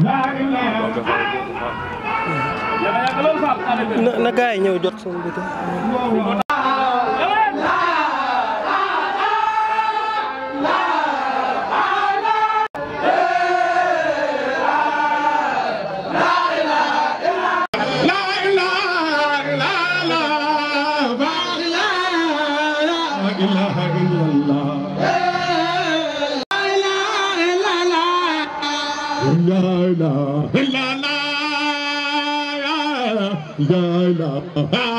na na gaa yi ñëw jot seen bité. love.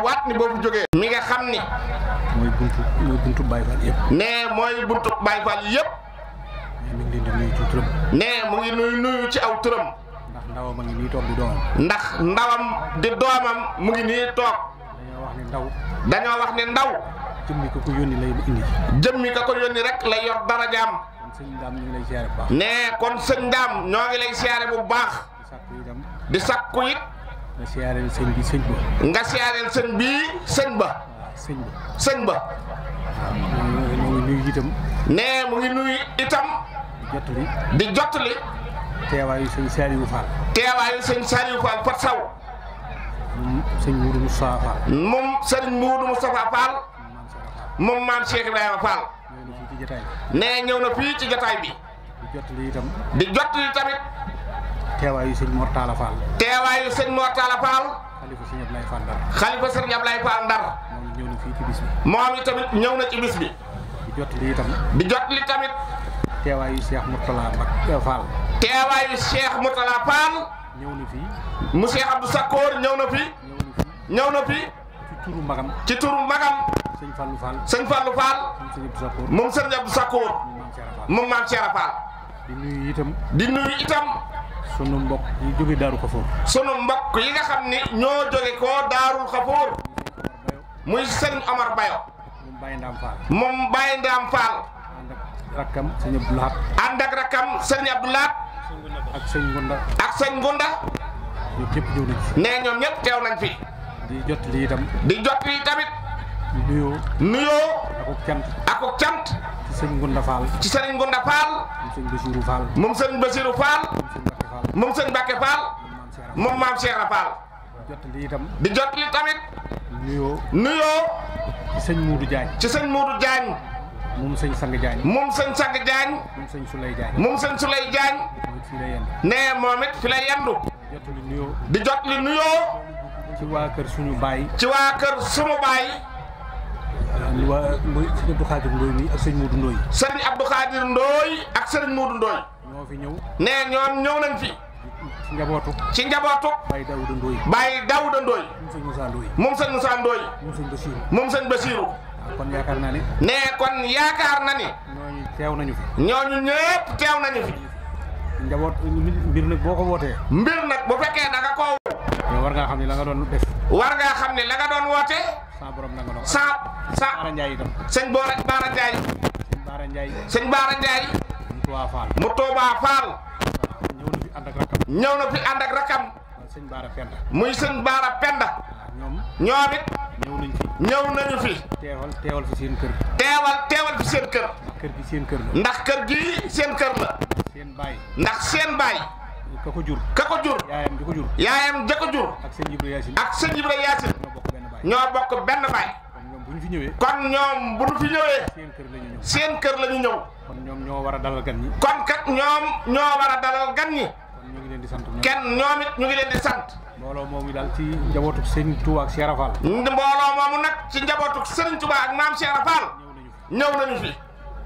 laa waat ni boo fi jógee. mi nga xam ni. mooy buntu mooy buntu Baye Fall yëpp. nee mooy buntu Baye Fall yëpp. mi ngi leen ci turam. nee mu ngi nuyu nuyu ci aw turam. ndax ndawam mu ngi nii toog di doomam. ndax ndawam di doomam mu ngi nii toog. dañoo wax ni ndaw. dañoo wax ne ndaw. jëmmi ko ko yónni lay indi. jëmmi ko ko yónni rek lay yor darajaam. nee kon sëñ daam ñoo ngi lay siyaare bu baax. di sakku it. nga siyaareel sëñ bi sëñ ba. nga siyaareel sëñ bi sëñ ba. sëñ ba sëñ ba. waaw mu ngi nuyu itam. nee mu ngi nuyu itam. di jottali teewaayu sëñ Saliou Fall. teewaayu sëñ Saliou Fall Fatou Sow. moom sëñ Moudou Moustapha Fall. moom sëñ Moudou Moustapha Fall. moom maam Cheikh Ibrahima nee ñëw na fii ci jotaay bi. di jottali tamit. tewayu seigne Mor Talla Fall. tewayu seigne Mor Talla Fall. khalifa seigne Ablaye Fall dar khalifa seigne Ablaye Fall dar moom ñëw na fii ci bis bi. moom itamit ñëw na ci bis bi. di jot li tamit. di jot li tamit. tewayu Cheikh Mourtala mak Fall. tewayu Cheikh Mourtala Fall. ñëw na mu Cheikh Abdou sakor ñëw na fii. ñëw na ci turu magam. ci turu magam. seigne fallu Fall. seigne fallu Fall. mom seigne Abdou sakor mom maam Cheikh Fall. di nuyu itam. di nuyu itam sunu mbokk yi jóge daru khafur sunu mbokk yi nga xamni ño joge ko daru khafur muy serigne Omar Bayo mom Baye Ndam Fall rakam serigne abdullah andak rakam serigne abdullah ak serigne gonda ak serigne gonda ñu kep Ngunda ñoom ñëpp ñëw nañ fi nee ñoom ñëpp teew nañ fi di jot li itam di jot li tamit nuyo nuyo ako kent ako kent ci sëñ Ngunda Fall ci serigne gonda Fall moom sëñ Basiru Fall moom sëñ Basiru Fall mom seigne Mbacke Fall mom mam Cheikh Fall di jottali tamit nuyo nuyo ci sëñ Moudou Diagne ci seigne modou Diagne mom seigne Sang Diagne mom seigne Sang Diagne mom seigne Souley Diagne mom seigne Souley Diagne ne momit it fi lay yendu di jottali nuyo ci wa keur suñu baay ci wa keur suñu baay waa mooy sëñ Abdou Khadir Ndoye mi ak sëñ Moudou Ndoye sëñ Abdou Khadir Ndoye ak sëñ Moudou Ndoye moo fi ñëw. nee ñoom ñëw nañ fi. ci njabootu. ci njabootu. Baye Daouda Ndoye. Baye Daouda Ndoye. moom sëñ Moussa Ndoye. moom sëñ Moussa Ndoye. moom sëñ Bassirou. moom sëñ Bassirou. Ah, kon yaakaar naa ne. nee kon yaakaar na ni. ñooñu teew nañu fi. ñooñu ñëpp teew nañu fi. njaboot mbir nag boo ko wootee. mbir nag bu fekkee da nga koo. mais war ne la nga doon def. war ngaa xam ne la nga doon woote. sa borom nangu na ko. sa sa Boora Baara Ndiaye. mu Touba Fall. ñëw na fi ànd ak rakam. muy sëñ Baara Penda. Ah, ñoom it. nañu fi. teewal teewal fi seen kër. teewal teewal fi seen kër. kër gi seen kër la. ndax kër gi seen kër la. seen ndax seen jur. jur. yaayam jur. yaayam jur. ak ak ñoo bokk benn kon ñoom bu fi ñëwee. kon ñoom bu fi ñëwee. seen kër ñëw. kon ñoom ñoo war a dalal gan ñi. kon kat ñoom ñoo war a dalal gan ñi. di sant ñoom. kenn ñoom it ñu ngi leen di sant. mbooloo moomu daal ci njabootu Serigne Touba ak Cheikh Rafal. mbooloo moomu nag ci njabootu Serigne Touba ak maam Cheikh Rafal. ñëw nañu fi.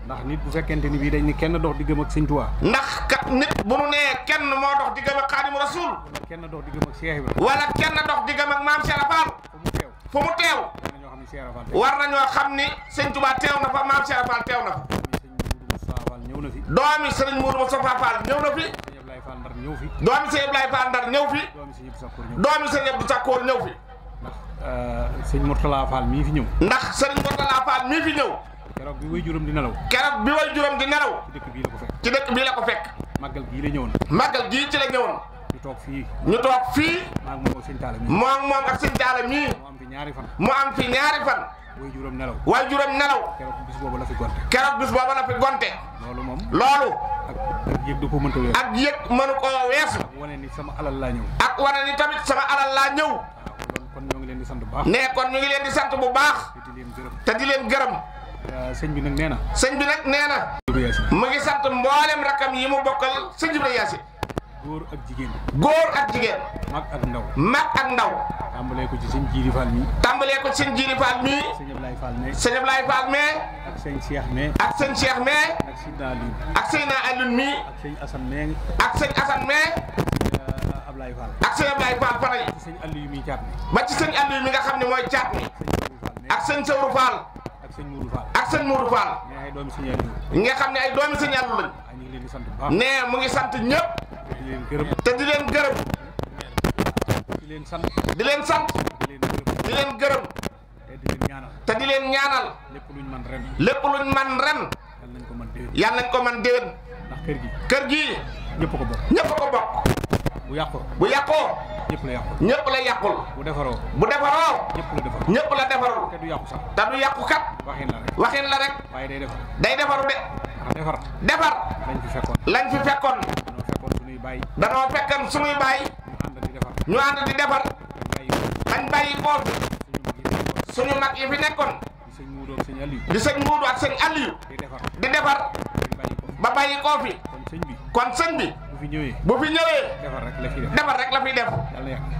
ndax nit bu fekkente ni bii dañ ni kenn dox diggam ak Serigne Touba. ndax kat nit bu nu nee kenn moo dox diggam ak Xaadimu Rasuul. wala kenn dox diggam ak Cheikh Ibrahima. wala kenn dox diggam ak maam Cheikh Rafal. fu mu teew fu mu teew. war nañoo xam ni Serigne Touba teew na fa maam Cheikh doomi serigne mourou moustapha fall ñew na fi doomi serigne ibrahima fall ndar ñew fi doomi serigne abdou sakor ñew fi serigne euh, murtala fall mi fi ñew ndax serigne murtala fall mi fi ñew kérok bi way jurum di nelaw kérok bi way jurum di nelaw ci dëkk bi la ko fekk ci dëkk bi la ko fekk magal gi la ñewon magal gi ci la ñewon ñu tok fi ñu tok fi mo ak mom serigne tala mi mo mom ak serigne tala mi mo am fi ñaari fan mo am fi ñaari fan way juróom nelaw way juróom nelaw keroog bis booba la fi gonte keroog bis booba la fi loolu moom loolu ak yëg du ko mënta weesu ak yëg mënu koo weesu ak wane ni sama alal laa ñëw ak wane ni tamit sama alal laa ñëw ah, kon ñu ngi leen di sant bu baax nee kon ñu ngi leen di sant bu baax te di leen gërëm te di leen gërëm ah, sëñ bi nag nee na sëñ bi nag nee na mu ngi sant mboolem rakam yi mu bokkal sëñ Ibrahima Yacine góor ak jigéen. góor ak jigéen. mag ak ndaw. tàmbalee ko ci sëñ Jiiri Fall mii. tàmbalee ko ci sëñ Jiiri Fall mii. sëñ Ablaye Fall mee. sëñ Ablaye Fall mee. ak sëñ Cheikh mee. ak sëñ Cheikh mee. ak sëñ Aliou. ak sëñ pare. ba ci sëñ Aliou mi. ba ci sëñ nga xam ne mooy caat mi. ak sëñ Sawru Fall. ak sëñ Mourou Fall. nga xam ne ay doomi sëñ Aliou lañ. mu ngi sant ñëpp te di leen gërëm di leen sant di leen sant di leen gërëm te di leen ñaanal lépp luñ man ren lépp luñ man ren yàlla nañ ko man déwén ndax kër gi kër gi ñëpp ko bokk ñëpp ko bokk bu yàqoo bu yàqoo ñëpp la yàqul ñëpp la yàqul bu defaroo bu defaroo ñëpp la defarul ñëpp la defarul te du yàqu sax te du yàqu kat waxin la rek waxin la rek waaye day defaru day defaru de defar defar lañ fi fekkoon lañ fi fekkoon danoo fekkan sunuy baay ñu ànd di defar bañ bàyyi bool bi suñu mag yi fi nekkoon di sëñ Muudu ak sëñ Aliyu di defar ba bàyyi koo fi kon sëñ bi bu fi ñëwee defar rek la fi def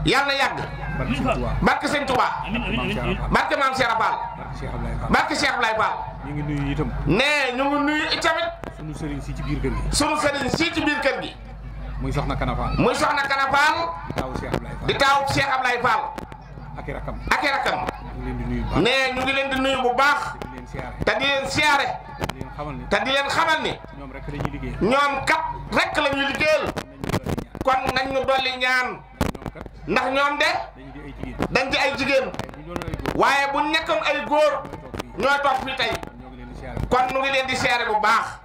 yàlla yàgg barke sëñ Touba barke maam Cheikh Fall barke Cheikh Ablaye Fall ñu ngi nuyu itam nee ñu ngi nuyu itamit sunu sëriñ si ci biir kër gi sunu sëriñ ci biir kër gi muy soxna Kana Fall muy soxna Kana Fall di taw Cheikh ablay Fall ak rakam ak rakam ne ñu ngi leen di nuyu bu baax ta di leen siaré ta di leen xamal ni ñom rek lañuy liggéey ñoom kat rek lañuy liggéeyal kon nañ ñu doli ñaan ndax ñom de dañ ci ay jigéen waye bu ñekkam ay goor ñoy toog fi tay kon ñu ngi leen di siaré bu baax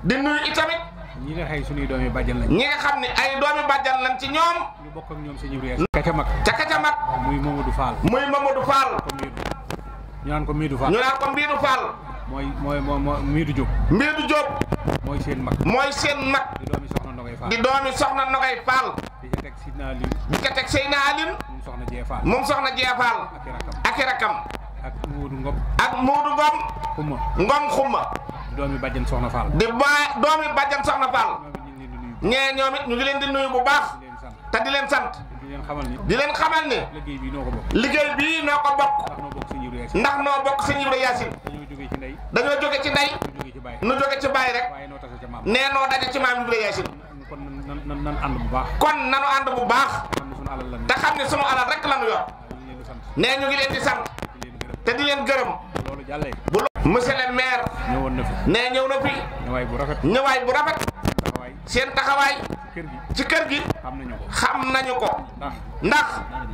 di nuyu itamit ñi nga xay suñuy doomi bàjjan lañ. ñi nga xam ne ay doomi bàjjan lañ ci ñoom. ñu bokk ak ñoom sëñ Ibrahima. ca Kacamak ca Kacamak. muy Mamadou Fall. muy Mamadou Fall. ñu naan ko Miidu Fall. ñu naan ko Miidu Fall. mooy mooy mooy Miidu Diop. Miidu Diop. mooy seen mag. mooy seen mag. di doomi soxna Nogay Fall. di doomi soxna Nogay Fall. di ca teg Seydina Alioune. di ca teg Seydina Alioune. moom soxna Jee Fall. moom soxna Jee Fall. ak i rakam ak i rakam. ak Moodu Ngom. ak Moodu Ngom. Xuma Ngom Xuma. doomi bàjjan soxna Fall. di ba doomi bàjjan soxna Fall. ñee ñoom it ñu ngi leen di nuyu bu baax. te di leen sant. di leen xamal ni di leen xamal ni. liggéey bii noo ko bokk. ndax noo bokk sëñ Ibra Yaasin. dañoo jóge ci ndey. nu jóge ci bàyyi rek. nee noo daje ci maam Ibra Yaasin. kon nanu ànd bu baax. kon nanu ànd bu baax. te xam ne sunu alal rek la nu yor. nee ñu ngi leen di sant. te di leen gërëm. monsieur le maire. ñëwoon na fi nee ñëw na fi. ñëwaay bu rafet ñëwaay bu rafet. seen taxawaay. ci kër gi xam nañu ko xam ko. ndax.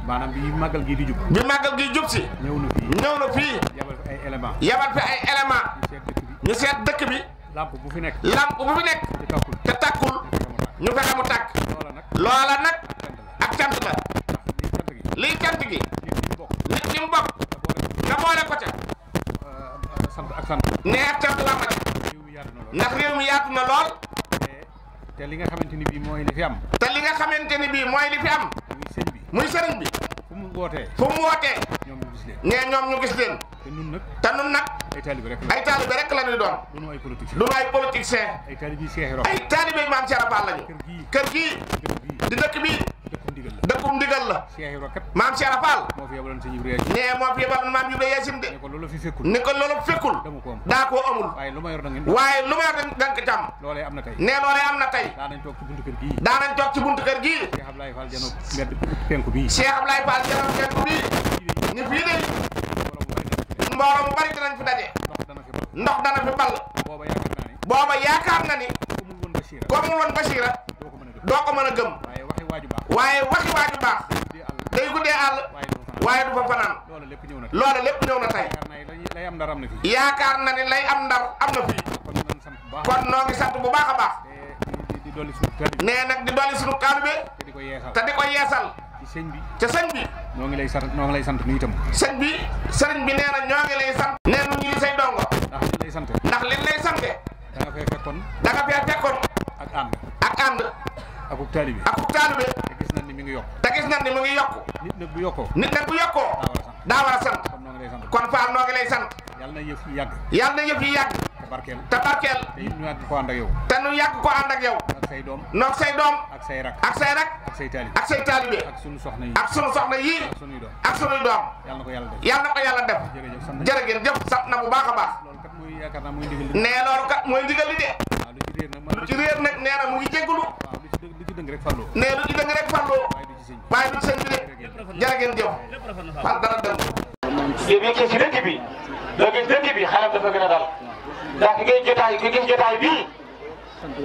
maanaam bi màggal gi di jub. màggal gi jub si. ñëw na fii ñëw fi ay éléments. yabal fi ay éléments. ñu seet dëkk bi. lamp bu fi nekk. bu fi nekk. te takkul ñu fexe tàkk. loola nag ak cant la. liy cant gi. nit ñi mu nga boole ko ca. sant ak sant. nee ak sant ma ndax réew mi yaatu na lool. te li nga xamante ni bii mooy li fi am. te li nga xamante ni bii mooy li fi am. muy sëriñ bi muy sëriñ bi. fu mu wootee. fu mu wootee. ñoom ñu gis leen. nee ñoom ñu gis leen. te nun nag. te nun nag. ay taalibe rek la ay taalibe rek la ñuy doon. du nu ay politique. du nu ay politicien. ay taalibe yu lañu. kër gii di dëkk bii. dëkkum ndigal la maam Cheikh Fall moo fi yebaloon sëñ Ibrahima nee moo fi yebaloon maam Ibrahima Yacine de ni ko loolu fi fekkul ni ko daa koo amul waaye lu ma yor da ngeen waaye lu ma da ngeen ko jàmm loolee am na tey nee loolee toog ci buntu kër gii daa nañ toog ci buntu kër ni fii de mbooloo mu bari danañ fi daje ndox dana fi ball booba yaakaar na ni ko amul woon doo ko mën a gëm waaye du fa fanaan loola lépp ñëw na loola lépp ñëw na tey yaakaar na ne lay am ndar am na fii kon noo ngi sant bu baax a baax nee nag di dolli sunu taalibe te di ko yeesal ci sëñ bi ca sëñ bi ñoo ngi lay sant ñoo ngi lay sant nu itam bi sëriñ bi nee na ñoo ngi lay sant nee nu ñu say dongo ndax liñ lay sante ndax da nga fee fekkoon da nga fee fekkoon ak ànd ak ànd akub taalibe akub taalibe ni mi ngi yokk te gis nan ni mu ngi yokku nit nag bu yokkoo nit nag bu yokkoo daa war a sant kon Fall noo ngi lay sant yàlla na yëf yi yàgg yàlla na yëf yi yàgg te barkeel te barkeel te ñu yàgg ko ànd ak yow te ñu yàgg ko ànd ak yow ak say doom noog say doom ak say rak ak say rak ak taalibe ak sunu soxna yi ak sunu doom ak na ko yàlla def yàlla na jëf sant na bu baax a baax nee loolu kat mooy ndigal de lu ci réer nag nee mu ngi jégalu lu ci dëng rek fàlloo ne lu ci dëng rek fàlloo waaye du ci sëñ bi de jërë ngeen jëf fan dara dëng yow yi gis bi loo gis dëkk bi xalam dafa a dal ndax ki ngay jotaay ki gis jotaay bii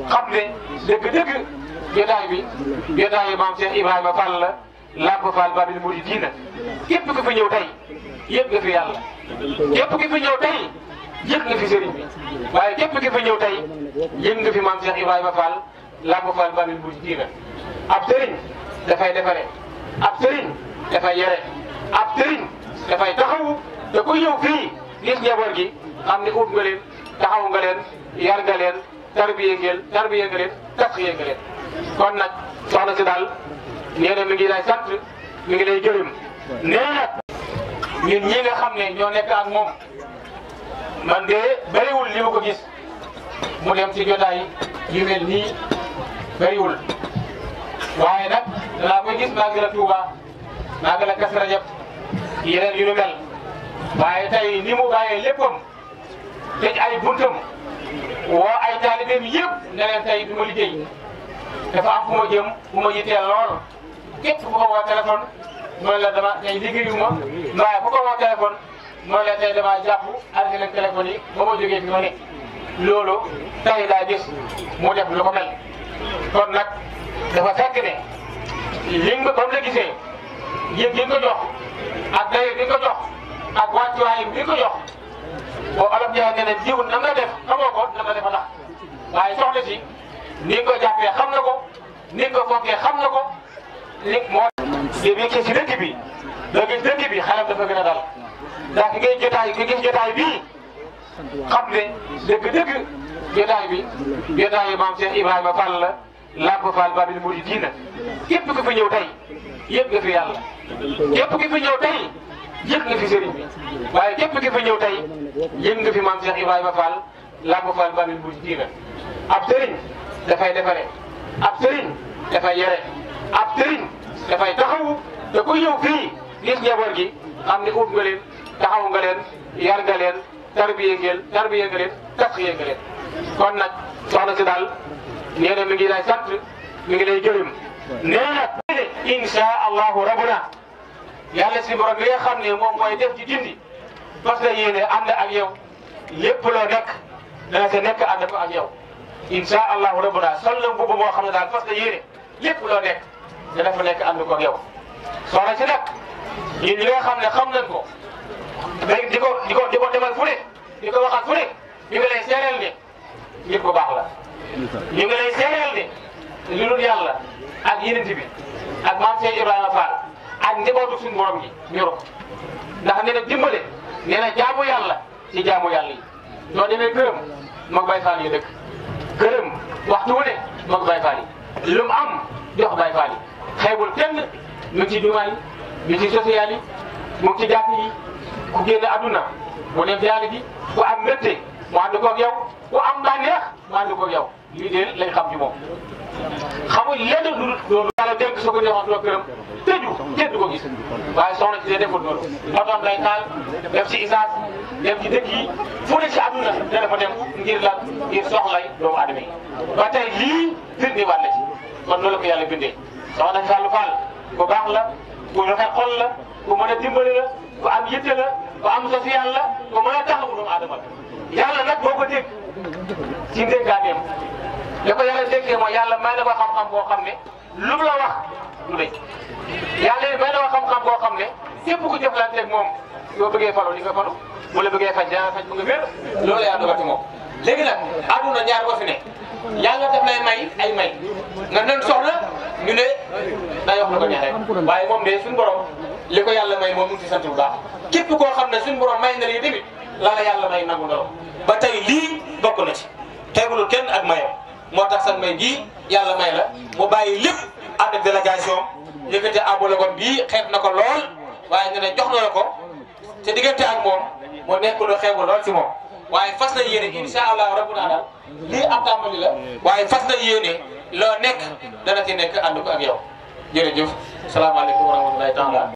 xam ne dëgg-dëgg jotaay bi jotaay yi maam Cheikh la Lamp Fall képp ku fi ñëw tey yëg nga fi yàlla képp ku fi ñëw tey yëg nga fi sëriñ waaye képp ku fi ñëw tey yëg nga fi maam Cheikh Ibrahima Fall làmb fal bamin bu na ab sëriñ dafay defare ab sëriñ dafay yore ab sëriñ dafay taxawu te ku ñëw fii gis njaboot gi xam ne ut nga leen taxaw nga leen yar nga leen tarbiye ngeen tarbiye nga leen tasxiye nga leen kon nag soxna si daal nee na mi ngi lay sant mi ngi day gërëm nee na ñun nga xam ne ñoo nekk ak moom man de bëriwul li ma ko gis mu dem ci jotaay yu mel nii bëriwul waaye nag danaa koy gis màggal Tuuba màggal Kazu Rajab yeneen yu nu mel waaye tey ni mu bàyyee léppam tëj ay buntam woo ay taalibeem yëpp ne leen tey du ma liggéey dafa am fu ma jëm fu ma yitteel lool képp ku ko woo téléphone mooy la dama tey liggéeyuma waaye ku ko woo téléphone mooy la tey dama jàpp arrêté leen téléphone yi ba ma jógee fi loolu tey laa gis mu def lu kon nag dafa fekk ne lim ba ba mu la gisee yëg bi nga ko jox ak dayo bi nga ko jox ak wàccuwaayam bi nga ko jox boo olof Ndiaye nee na jiw na nga def xamoo ko na nga def a tax waaye soxna si ni nga ko jàppee xam na ko ni nga ko fonkee xam na ko li moo. li muy gis si dëkk bi doo gis dëkk bi xelam dafa gën a dal ndax ki ngay jotaay ki gis jotaay bii xam ne dëgg-dëgg jotaay bi jotaayu maam Cheikh Ibrahima Fall la. Lamp Fall Babil Mouridina képp ku fi ñëw tey yëg nga fi yàlla képp ku fi ñëw tey yëg nga fi sëriñ bi waaye képp ku fi ñëw tey yëg nga fi maam Cheikh Ibrahima Fall Lamp Fall Babil ab sëriñ dafay defare ab sëriñ dafay yore ab sëriñ dafay taxawu te ku ñëw fii gis njaboot gi xam ni ut nga leen taxaw nga leen yar nga leen tarbiye ngeen tarbiye nga leen tas nga leen kon nag soxna si daal nee na mi ngi sant mi ngi lay gërëm nee na insha allahu rabbuna si borom bi nga xam ne moom mooy def ci dindi parce que yéene ànd ak yow lépp la nekk dana sa nekk ànd ko ak yow insha allahu rabbuna sol la mbubb moo xam ne daal parce que yéene lépp loo nekk dana fa nekk ànd ko ak yow soxna si nag ñun ñi nga xam ne xam nañ ko di ko di ko di ko demal fu ne di ko waxal fu ne ñu ngi lay seereel ne nit baax la ñu ngi lay seeral de lu dul yàlla ak yenent bi ak maam Cheikh Ibrahima Fall ak njabootu suñu borom gi ñu rop ndax nee na dimbale nee na jaamu yàlla ci jaamu yàlla yi soo demee këram moog Baye Fall yi dëkk këram waxtu wu ne moog Baye Fall yi am jox Baye Fall yi xeebul kenn mu ci jumaa yi mu ci social yi mu ci jàkk yi ku génn àdduna bu nekk yàlla gi ku am mbégte mu ànd koog ku am daa neex maa ngi ko yow lii de lañ xam ci moom. xamuñ lenn lu dul loolu yàlla dégg soo ko joxoon toog këram tëju kenn du ko gis waaye soxna si de deful loolu otoom lay taal def ci isaas def ci dëkk yi fu ne ci àdduna te dafa dem ngir lan ngir soxlay doomu adama yi ba tey lii firnde waat la ci kon loolu ko yàlla bindee soxna Fallou Fall ku baax la ku rafet xol la ku ma a dimbali la ku am yitte la ku am social la ku mën a taxawu doomu adama yàlla nag moo ko dégg ci déggaaneem li ko yàlla déggee mooy yàlla may na ko xam boo xam ne lu la wax du dëgg yàlla yi may na ko xam-xam boo xam ne képp ku moom yoo bëggee faru li nga faru bu la bëggee faj daa faj mu nga wér loolu yaa dogal ci moom. léegi nag àdduna ñaar ko fi ne yàlla daf lay may ay may nga nan soxla ñu ne day wax la ko ñaareel moom de suñu borom li yàlla may moom mu sant bu baax képp koo xam ne suñu borom may na lii tamit. la yàlla may nangu na ba tey lii bokk na ci xeebulul kenn ak mayam moo tax sax may ji yàlla may la mu bàyyi lépp ànd ak délégation yëkkati abula kon bii xeeb na ko lool waaye ñu ne jox na la ko te diggante ak moom moo nekk lu xeebu lool ci moom waaye fas na yéene insha allah rabbu naa daal lii am tàmbali la waaye fas na yéene loo nekk dana ci nekk ànd ko ak yow jërëjëf salaamaaleykum wa rahmatulahi taala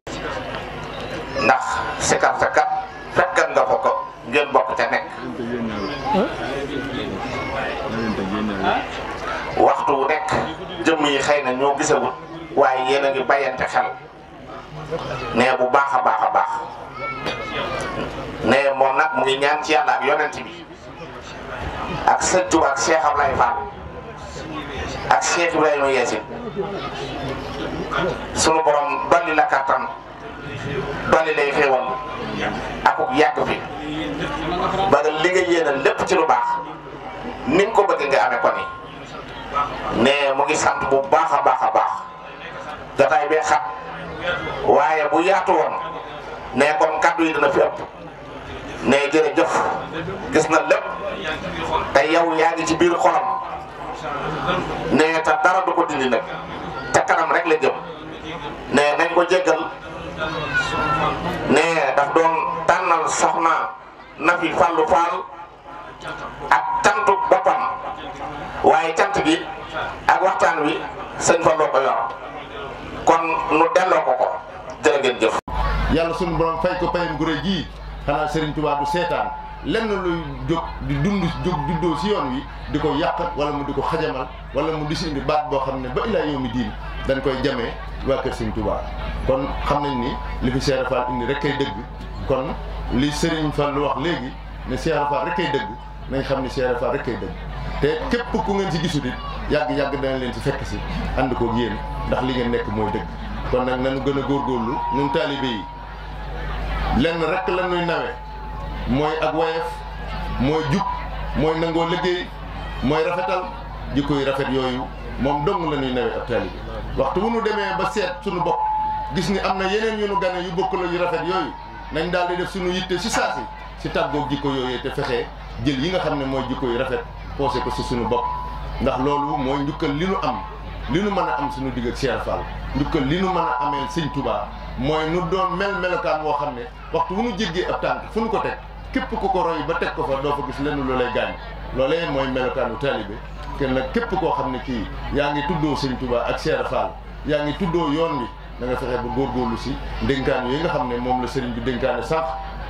ndax sikar sa kat fekkan nga ko ko ngeen bokk te nekk. waxtu wu nekk jëmm yi xëy na ñoo gisewut waaye yéen a ngi xel nee bu baax a baax a baax nee moom nag muy ngi ñaan ci yàlla ak yonent bi ak sëñ Tuubaa ak Cheikh Ablaye Fall ak Cheikh Ibrahima Yacine sunu borom dolli la kattan. dolli lay xéewal akuk yàgg fi ba nga li nga yéenal lépp ci lu baax ni nga ko bëgg nga amee ko ni ne mu ngi sant bu baax a baax a baax datay bee xat waaye bu yaatu woon ne kon kàddu yi dina fi ëpp ne jëf gis na lépp te yow yaa ngi ci biir xolam ne te dara du ko dindi te kanam rek la jëm ne nañ ko jéggal nee daf doon tànnal soxna Nafi Fallu Fall ak cantu boppam waaye cant bi ak waxtaan wi sën Fallu ko yor kon nu delloo ko ko jërë ngeen jëf. yàlla sunu borom fay ko payam gure ji xanaa Serigne Touba du seetaan. lenn lu jóg di dund jóg juddoo si yoon wi di ko yàq wala mu di ko xajamal wala mu di si indi baat boo xam ne ba ilaa yow mi diin dañ koy jamee waa kër Sëriñ Tuubaa kon xam nañ ni li fi Cheikh Fall indi rek kay dëgg kon li Serigne Fall lu wax léegi ne Cheikh Fall rek kay dëgg nañ xam ne Cheikh Fall rek kay dëgg te képp ku ngeen si gisul yàgg-yàgg dana leen ci fekk si ànd koog yéen ndax li ngeen nekk mooy dëgg kon nag nañu gën a góorgóorlu ñun taalibe yi lenn rek lan ñuy nawee mooy ak woyef mooy jub mooy nangoo liggéey mooy rafetal jikko yu rafet yooyu moom dong la ñuy nawee ab taalibe waxtu bu nu demee ba seet sunu bopp gis ni am na yeneen yu nu gane yu bokk la yu rafet yooyu nañ daal di def suñu yitte si saasi si tàggoog jikko yooyu te fexe jël yi nga xam ne mooy jikko yu rafet poosé ko si suñu bopp ndax loolu mooy njukkal li nu am li nu mën a am suñu digg ak Cheikh Fall njukkal li nu mën a amee sëñ Touba mooy nu doon melokaan woo xam ne waxtu wu nu jéggee ab tànk fu ko teg képp ku ko roy ba teg ko fa doo fa gis lenn lu lay gaañ loolee mooy melokaanu taalibe kenn nag képp koo xam ne kii yaa ngi tuddoo sëñ Tuubaa ak Cheikh Fall yaa ngi tuddoo yoon wi da nga fexe ba góorlu si dénkaan yi nga xam ne moom la sëriñ bi dénkaane sax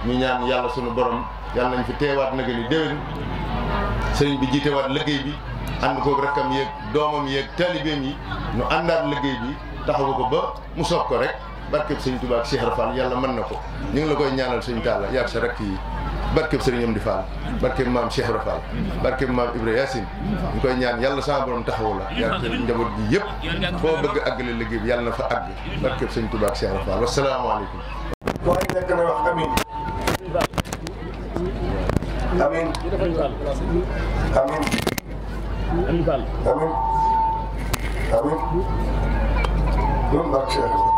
ñu ñaan yàlla sunu borom yàlla nañu fi teewaat nag ni déwén sëriñ bi jiitewaat liggéey bi ànd koog rakkam yéeg doomam yeeg taalibeem yi ñu àndaat liggéey bi taxawu ko ba mu soob ko rek barkeb sëñ Tuubaa ak Cheikh Rafal yàlla mën na ko ñu ngi la koy ñaanal sëñ Talla yaag sa rakk yi barkeb sëriñ Amdi Fall barkeb maam Cheikh Rafal barkeb maam Ibrahima Yacine ñu koy ñaan yàlla sama borom taxawu la yaag sa njaboot gi yëpp foo bëgg àggale liggéey bi yàlla na fa àgg barkeb sëñ Tuubaa ak Cheikh Rafal wasalaamaaleykum waaye nekk na wax amin amin amin amin